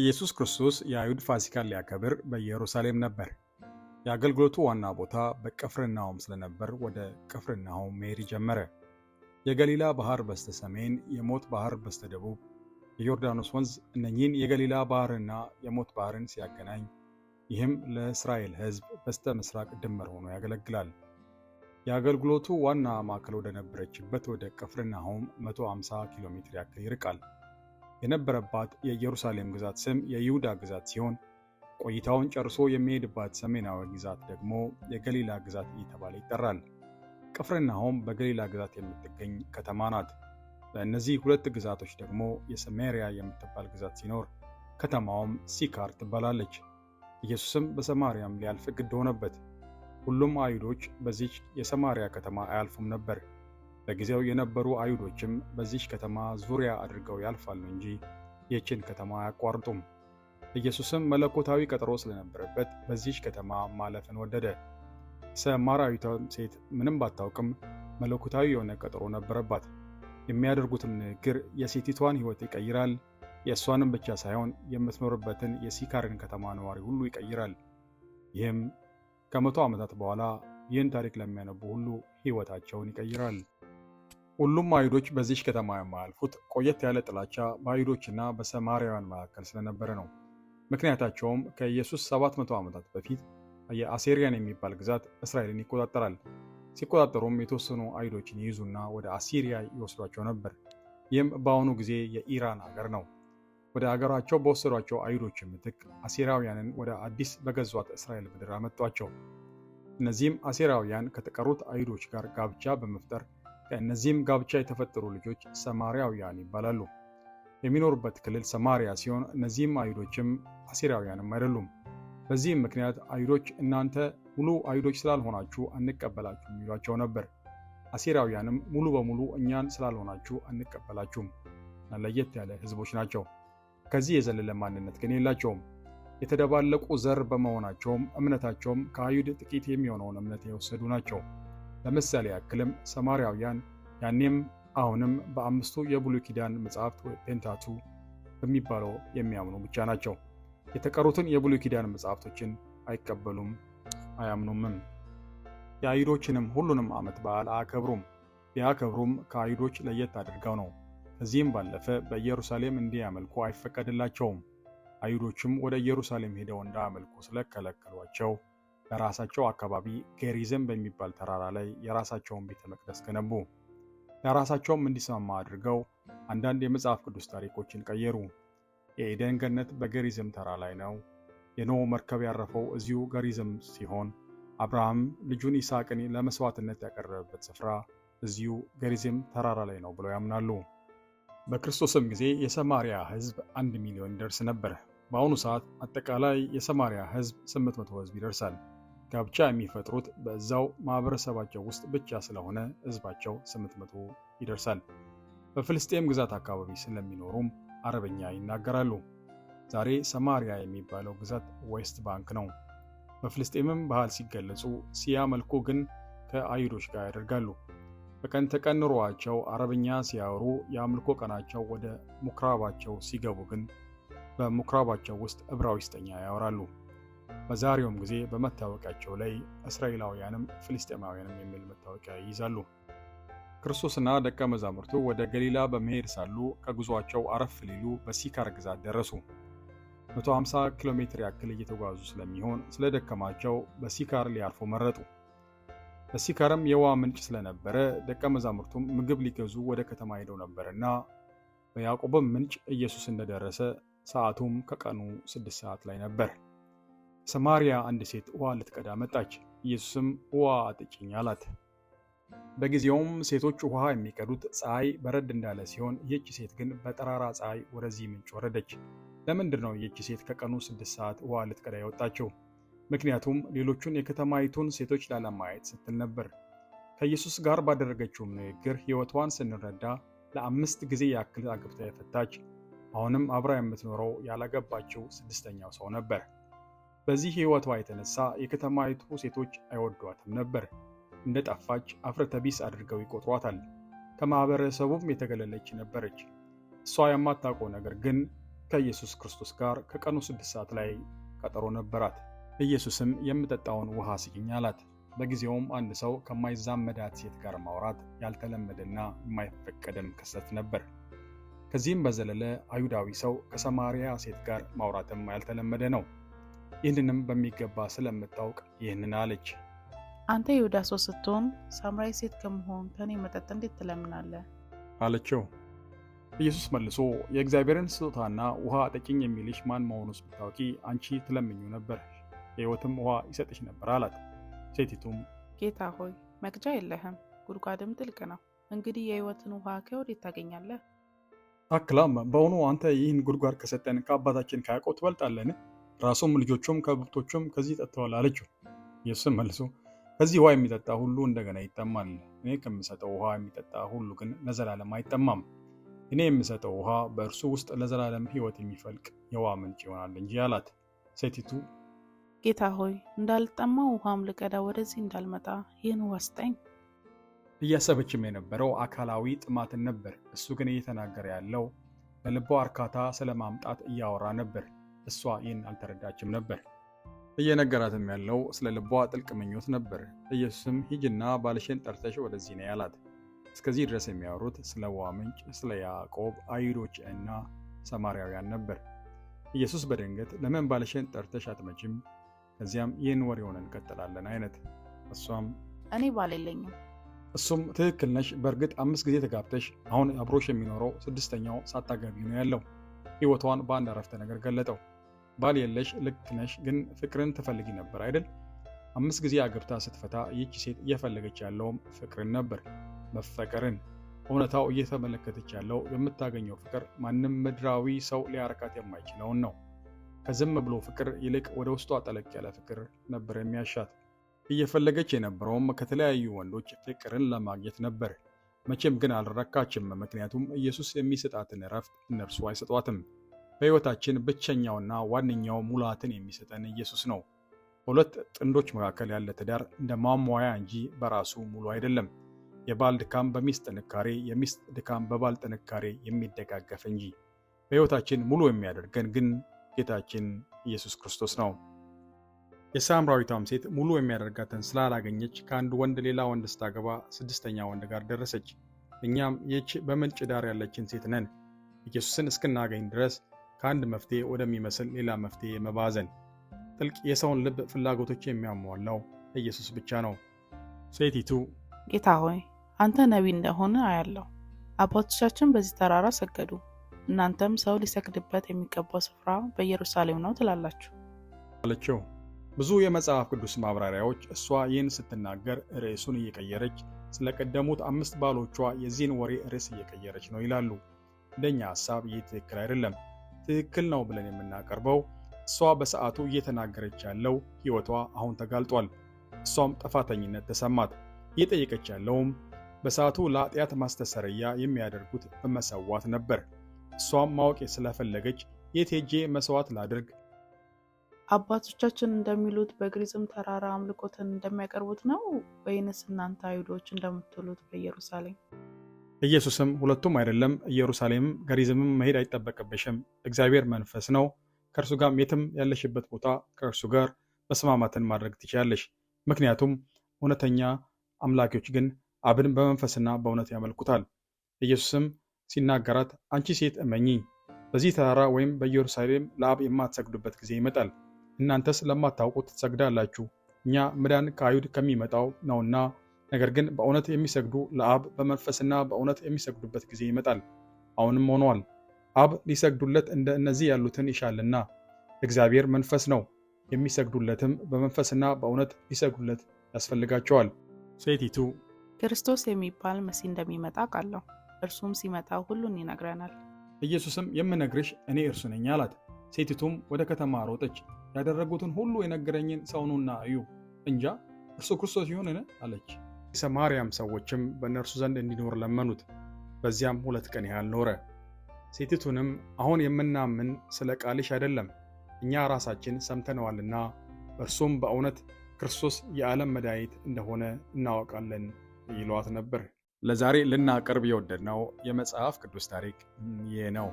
ኢየሱስ ክርስቶስ የአይሁድ ፋሲካን ሊያከብር በኢየሩሳሌም ነበር። የአገልግሎቱ ዋና ቦታ በቅፍርናሆም ስለነበር ወደ ቅፍርናሆም መሄድ ጀመረ። የገሊላ ባህር በስተ ሰሜን፣ የሞት ባህር በስተ ደቡብ፣ የዮርዳኖስ ወንዝ እነኚህን የገሊላ ባህርና የሞት ባህርን ሲያገናኝ፣ ይህም ለእስራኤል ሕዝብ በስተ ምስራቅ ድንበር ሆኖ ያገለግላል። የአገልግሎቱ ዋና ማዕከል ወደነበረችበት ወደ ቅፍርናሆም 150 ኪሎ ሜትር ያክል ይርቃል። የነበረባት የኢየሩሳሌም ግዛት ስም የይሁዳ ግዛት ሲሆን ቆይታውን ጨርሶ የሚሄድባት ሰሜናዊ ግዛት ደግሞ የገሊላ ግዛት እየተባለ ይጠራል። ቅፍርናሆም በገሊላ ግዛት የምትገኝ ከተማ ናት። በእነዚህ ሁለት ግዛቶች ደግሞ የሰሜሪያ የምትባል ግዛት ሲኖር ከተማዋም ሲካር ትባላለች። ኢየሱስም በሰማርያም ሊያልፍ ግድ ሆነበት። ሁሉም አይሁዶች በዚች የሰማርያ ከተማ አያልፉም ነበር። በጊዜው የነበሩ አይሁዶችም በዚች ከተማ ዙሪያ አድርገው ያልፋሉ እንጂ ይህችን ከተማ አያቋርጡም። ኢየሱስም መለኮታዊ ቀጠሮ ስለነበረበት በዚች ከተማ ማለፍን ወደደ። ሰማራዊቷም ሴት ምንም ባታውቅም መለኮታዊ የሆነ ቀጠሮ ነበረባት። የሚያደርጉትም ንግግር የሴቲቷን ሕይወት ይቀይራል። የእሷንም ብቻ ሳይሆን የምትኖርበትን የሲካርን ከተማ ነዋሪ ሁሉ ይቀይራል። ይህም ከመቶ ዓመታት በኋላ ይህን ታሪክ ለሚያነቡ ሁሉ ሕይወታቸውን ይቀይራል። ሁሉም አይሁዶች በዚች ከተማ የማያልፉት ቆየት ያለ ጥላቻ በአይሁዶችና በሰማርያውያን መካከል ስለነበረ ነው። ምክንያታቸውም ከኢየሱስ 700 ዓመታት በፊት የአሴሪያን የሚባል ግዛት እስራኤልን ይቆጣጠራል። ሲቆጣጠሩም የተወሰኑ አይሁዶችን ይይዙና ወደ አሲሪያ ይወስዷቸው ነበር። ይህም በአሁኑ ጊዜ የኢራን አገር ነው። ወደ አገራቸው በወሰዷቸው አይሁዶች ምትክ አሴራውያንን ወደ አዲስ በገዟት እስራኤል ምድር አመጧቸው። እነዚህም አሴራውያን ከተቀሩት አይሁዶች ጋር ጋብቻ በመፍጠር ከእነዚህም ጋብቻ የተፈጠሩ ልጆች ሰማሪያውያን ይባላሉ። የሚኖሩበት ክልል ሰማሪያ ሲሆን እነዚህም አይሁዶችም አሲራውያንም አይደሉም። በዚህም ምክንያት አይሁዶች እናንተ ሙሉ አይሁዶች ስላልሆናችሁ አንቀበላችሁም ይሏቸው ነበር። አሲራውያንም ሙሉ በሙሉ እኛን ስላልሆናችሁ አንቀበላችሁም እና ለየት ያለ ህዝቦች ናቸው። ከዚህ የዘለለ ማንነት ግን የላቸውም። የተደባለቁ ዘር በመሆናቸውም እምነታቸውም ከአይሁድ ጥቂት የሚሆነውን እምነት የወሰዱ ናቸው። ለምሳሌ ያክልም ሰማርያውያን ያኔም አሁንም በአምስቱ የብሉይ ኪዳን መጽሐፍት ፔንታቱ በሚባለው የሚያምኑ ብቻ ናቸው። የተቀሩትን የብሉይ ኪዳን መጽሐፍቶችን አይቀበሉም፣ አያምኑምም። የአይሁዶችንም ሁሉንም ዓመት በዓል አያከብሩም። ቢያከብሩም ከአይሁዶች ለየት አድርገው ነው። ከዚህም ባለፈ በኢየሩሳሌም እንዲያመልኩ አይፈቀድላቸውም። አይሁዶችም ወደ ኢየሩሳሌም ሄደው እንዳያመልኩ ስለከለከሏቸው በራሳቸው አካባቢ ጌሪዝም በሚባል ተራራ ላይ የራሳቸውን ቤተ መቅደስ ገነቡ። ለራሳቸውም እንዲስማማ አድርገው አንዳንድ የመጽሐፍ ቅዱስ ታሪኮችን ቀየሩ። የኤደን ገነት በገሪዝም ተራ ላይ ነው። የኖ መርከብ ያረፈው እዚሁ ገሪዝም ሲሆን አብርሃም ልጁን ይስሐቅን ለመስዋዕትነት ያቀረበበት ስፍራ እዚሁ ገሪዝም ተራራ ላይ ነው ብለው ያምናሉ። በክርስቶስም ጊዜ የሰማሪያ ሕዝብ አንድ ሚሊዮን ይደርስ ነበር። በአሁኑ ሰዓት አጠቃላይ የሰማሪያ ሕዝብ 800 ሕዝብ ይደርሳል። ጋብቻ የሚፈጥሩት በዛው ማህበረሰባቸው ውስጥ ብቻ ስለሆነ ህዝባቸው 800 ይደርሳል። በፍልስጤም ግዛት አካባቢ ስለሚኖሩም አረበኛ ይናገራሉ። ዛሬ ሰማሪያ የሚባለው ግዛት ዌስት ባንክ ነው። በፍልስጤምም ባህል ሲገለጹ ሲያመልኩ ግን ከአይሁዶች ጋር ያደርጋሉ። በቀን ተቀን አረብኛ ሲያወሩ፣ የአምልኮ ቀናቸው ወደ ሙክራባቸው ሲገቡ ግን በሙክራባቸው ውስጥ ዕብራይስጥኛ ያወራሉ። በዛሬውም ጊዜ በመታወቂያቸው ላይ እስራኤላውያንም ፍልስጤማውያንም የሚል መታወቂያ ይይዛሉ። ክርስቶስና ደቀ መዛሙርቱ ወደ ገሊላ በመሄድ ሳሉ ከጉዟቸው አረፍ ሊሉ በሲካር ግዛት ደረሱ። 150 ኪሎ ሜትር ያክል እየተጓዙ ስለሚሆን ስለደከማቸው በሲካር ሊያርፉ መረጡ። በሲካርም የውሃ ምንጭ ስለነበረ ደቀ መዛሙርቱም ምግብ ሊገዙ ወደ ከተማ ሄደው ነበርና በያዕቆብም ምንጭ ኢየሱስ እንደደረሰ ሰዓቱም ከቀኑ ስድስት ሰዓት ላይ ነበር። ሰማርያ አንድ ሴት ውሃ ልትቀዳ መጣች። ኢየሱስም ውሃ አጥጭኝ አላት። በጊዜውም ሴቶች ውሃ የሚቀዱት ፀሐይ በረድ እንዳለ ሲሆን፣ ይህች ሴት ግን በጠራራ ፀሐይ ወደዚህ ምንጭ ወረደች። ለምንድን ነው ይህች ሴት ከቀኑ ስድስት ሰዓት ውሃ ልትቀዳ የወጣችው? ምክንያቱም ሌሎቹን የከተማይቱን ሴቶች ላለማየት ስትል ነበር። ከኢየሱስ ጋር ባደረገችውም ንግግር ሕይወቷን ስንረዳ ለአምስት ጊዜ ያክል አግብታ የፈታች አሁንም አብራ የምትኖረው ያላገባችው ስድስተኛው ሰው ነበር። በዚህ ሕይወቷ የተነሳ የከተማይቱ ሴቶች አይወዷትም ነበር። እንደ ጠፋች አፍረተቢስ አድርገው ይቆጥሯታል። ከማኅበረሰቡም የተገለለች ነበረች። እሷ የማታውቀው ነገር ግን ከኢየሱስ ክርስቶስ ጋር ከቀኑ ስድስት ሰዓት ላይ ቀጠሮ ነበራት። ኢየሱስም የምጠጣውን ውሃ ስጪኝ አላት። በጊዜውም አንድ ሰው ከማይዛመዳት ሴት ጋር ማውራት ያልተለመደና የማይፈቀደም ክስተት ነበር። ከዚህም በዘለለ አይሁዳዊ ሰው ከሰማርያ ሴት ጋር ማውራትም ያልተለመደ ነው። ይህንንም በሚገባ ስለምታውቅ ይህንን አለች። አንተ ይሁዳ ሰው ስትሆን ሳምራዊ ሴት ከመሆን ከእኔ መጠጥ እንዴት ትለምናለህ? አለችው። ኢየሱስ መልሶ የእግዚአብሔርን ስጦታና ውሃ ጠቂኝ የሚልሽ ማን መሆኑስ ብታውቂ አንቺ ትለምኙ ነበር፣ የሕይወትም ውሃ ይሰጥሽ ነበር አላት። ሴቲቱም ጌታ ሆይ መቅጃ የለህም፣ ጉድጓድም ጥልቅ ነው። እንግዲህ የሕይወትን ውሃ ከወዴት ታገኛለህ? አክላም በውኑ አንተ ይህን ጉድጓድ ከሰጠን ከአባታችን ከያዕቆብ ትበልጣለን ራሱም ልጆቹም ከብቶቹም ከዚህ ጠጥተዋል አለችው። ኢየሱስም መልሶ ከዚህ ውሃ የሚጠጣ ሁሉ እንደገና ይጠማል። እኔ ከምሰጠው ውሃ የሚጠጣ ሁሉ ግን ለዘላለም አይጠማም። እኔ የምሰጠው ውሃ በእርሱ ውስጥ ለዘላለም ሕይወት የሚፈልቅ የውሃ ምንጭ ይሆናል እንጂ አላት። ሴቲቱ ጌታ ሆይ እንዳልጠማ ውሃም ልቀዳ ወደዚህ እንዳልመጣ ይህን ዋስጠኝ እያሰበችም የነበረው አካላዊ ጥማትን ነበር። እሱ ግን እየተናገረ ያለው ለልቧ እርካታ ስለማምጣት እያወራ ነበር። እሷ ይህን አልተረዳችም ነበር። እየነገራትም ያለው ስለ ልቧ ጥልቅ ምኞት ነበር። ኢየሱስም ሂጅና ባልሽን ጠርተሽ ወደዚህ ነይ አላት። እስከዚህ ድረስ የሚያወሩት ስለ ውሃ ምንጭ፣ ስለ ያዕቆብ አይሁዶች እና ሰማርያውያን ነበር። ኢየሱስ በድንገት ለምን ባልሽን ጠርተሽ አትመጭም? ከዚያም ይህን ወሬውን እንቀጥላለን አይነት። እሷም እኔ ባል የለኝም። እሱም ትክክል ነሽ፣ በእርግጥ አምስት ጊዜ ተጋብተሽ አሁን አብሮሽ የሚኖረው ስድስተኛው ሳታገቢ ነው ያለው። ሕይወቷን በአንድ አረፍተ ነገር ገለጠው። ባል የለሽ ልክ ነሽ፣ ግን ፍቅርን ትፈልጊ ነበር አይደል? አምስት ጊዜ አግብታ ስትፈታ ይቺ ሴት እየፈለገች ያለውም ፍቅርን ነበር፣ መፈቀርን። እውነታው እየተመለከተች ያለው የምታገኘው ፍቅር ማንም ምድራዊ ሰው ሊያረካት የማይችለውን ነው። ከዝም ብሎ ፍቅር ይልቅ ወደ ውስጧ ጠለቅ ያለ ፍቅር ነበር የሚያሻት። እየፈለገች የነበረውም ከተለያዩ ወንዶች ፍቅርን ለማግኘት ነበር። መቼም ግን አልረካችም፣ ምክንያቱም ኢየሱስ የሚሰጣትን እረፍት እነርሱ አይሰጧትም። በሕይወታችን ብቸኛውና ዋነኛው ሙላትን የሚሰጠን ኢየሱስ ነው። በሁለት ጥንዶች መካከል ያለ ትዳር እንደ ማሟያ እንጂ በራሱ ሙሉ አይደለም። የባል ድካም በሚስት ጥንካሬ፣ የሚስት ድካም በባል ጥንካሬ የሚደጋገፍ እንጂ። በሕይወታችን ሙሉ የሚያደርገን ግን ጌታችን ኢየሱስ ክርስቶስ ነው። የሳምራዊቷም ሴት ሙሉ የሚያደርጋትን ስላላገኘች ከአንድ ወንድ ሌላ ወንድ ስታገባ ስድስተኛ ወንድ ጋር ደረሰች። እኛም ይህች በምንጭ ዳር ያለችን ሴት ነን። ኢየሱስን እስክናገኝ ድረስ ከአንድ መፍትሄ ወደሚመስል ሌላ መፍትሄ መባዘን። ጥልቅ የሰውን ልብ ፍላጎቶች የሚያሟላው ኢየሱስ ብቻ ነው። ሴቲቱ ጌታ ሆይ አንተ ነቢይ እንደሆነ አያለሁ። አባቶቻችን በዚህ ተራራ ሰገዱ፣ እናንተም ሰው ሊሰግድበት የሚገባው ስፍራ በኢየሩሳሌም ነው ትላላችሁ አለችው። ብዙ የመጽሐፍ ቅዱስ ማብራሪያዎች እሷ ይህን ስትናገር ርዕሱን እየቀየረች ስለቀደሙት አምስት ባሎቿ የዚህን ወሬ ርዕስ እየቀየረች ነው ይላሉ። እንደኛ ሐሳብ ይህ ትክክል አይደለም። ትክክል ነው ብለን የምናቀርበው እሷ በሰዓቱ እየተናገረች ያለው ሕይወቷ አሁን ተጋልጧል፣ እሷም ጥፋተኝነት ተሰማት። እየጠየቀች ያለውም በሰዓቱ ለኃጢአት ማስተሰረያ የሚያደርጉት በመሰዋት ነበር። እሷም ማወቅ ስለፈለገች የት ሄጄ መስዋዕት ላድርግ? አባቶቻችን እንደሚሉት በግሪዝም ተራራ አምልኮትን እንደሚያቀርቡት ነው ወይንስ እናንተ አይሁዶች እንደምትሉት በኢየሩሳሌም ኢየሱስም ሁለቱም አይደለም፣ ኢየሩሳሌምም ገሪዝምም መሄድ አይጠበቅብሽም፣ እግዚአብሔር መንፈስ ነው፣ ከእርሱ ጋርም የትም ያለሽበት ቦታ ከእርሱ ጋር መስማማትን ማድረግ ትችላለሽ። ምክንያቱም እውነተኛ አምላኪዎች ግን አብን በመንፈስና በእውነት ያመልኩታል። ኢየሱስም ሲናገራት አንቺ ሴት እመኚኝ፣ በዚህ ተራራ ወይም በኢየሩሳሌም ለአብ የማትሰግዱበት ጊዜ ይመጣል። እናንተስ ለማታውቁት ትሰግዳላችሁ። እኛ መዳን ከአይሁድ ከሚመጣው ነውና ነገር ግን በእውነት የሚሰግዱ ለአብ በመንፈስና በእውነት የሚሰግዱበት ጊዜ ይመጣል፣ አሁንም ሆኗል። አብ ሊሰግዱለት እንደ እነዚህ ያሉትን ይሻልና። እግዚአብሔር መንፈስ ነው፣ የሚሰግዱለትም በመንፈስና በእውነት ሊሰግዱለት ያስፈልጋቸዋል። ሴቲቱ ክርስቶስ የሚባል መሲህ እንደሚመጣ ቃለው፣ እርሱም ሲመጣ ሁሉን ይነግረናል። ኢየሱስም የምነግርሽ እኔ እርሱ ነኝ አላት። ሴቲቱም ወደ ከተማ ሮጠች፣ ያደረጉትን ሁሉ የነገረኝን ሰውኑና እዩ እንጃ እርሱ ክርስቶስ ይሆንን አለች። የሰማርያም ሰዎችም በእነርሱ ዘንድ እንዲኖር ለመኑት። በዚያም ሁለት ቀን ያህል ኖረ። ሴቲቱንም አሁን የምናምን ስለ ቃልሽ አይደለም፣ እኛ ራሳችን ሰምተነዋልና እርሱም በእውነት ክርስቶስ የዓለም መድኃኒት እንደሆነ እናውቃለን ይሏት ነበር። ለዛሬ ልናቀርብ የወደድነው የመጽሐፍ ቅዱስ ታሪክ ይህ ነው።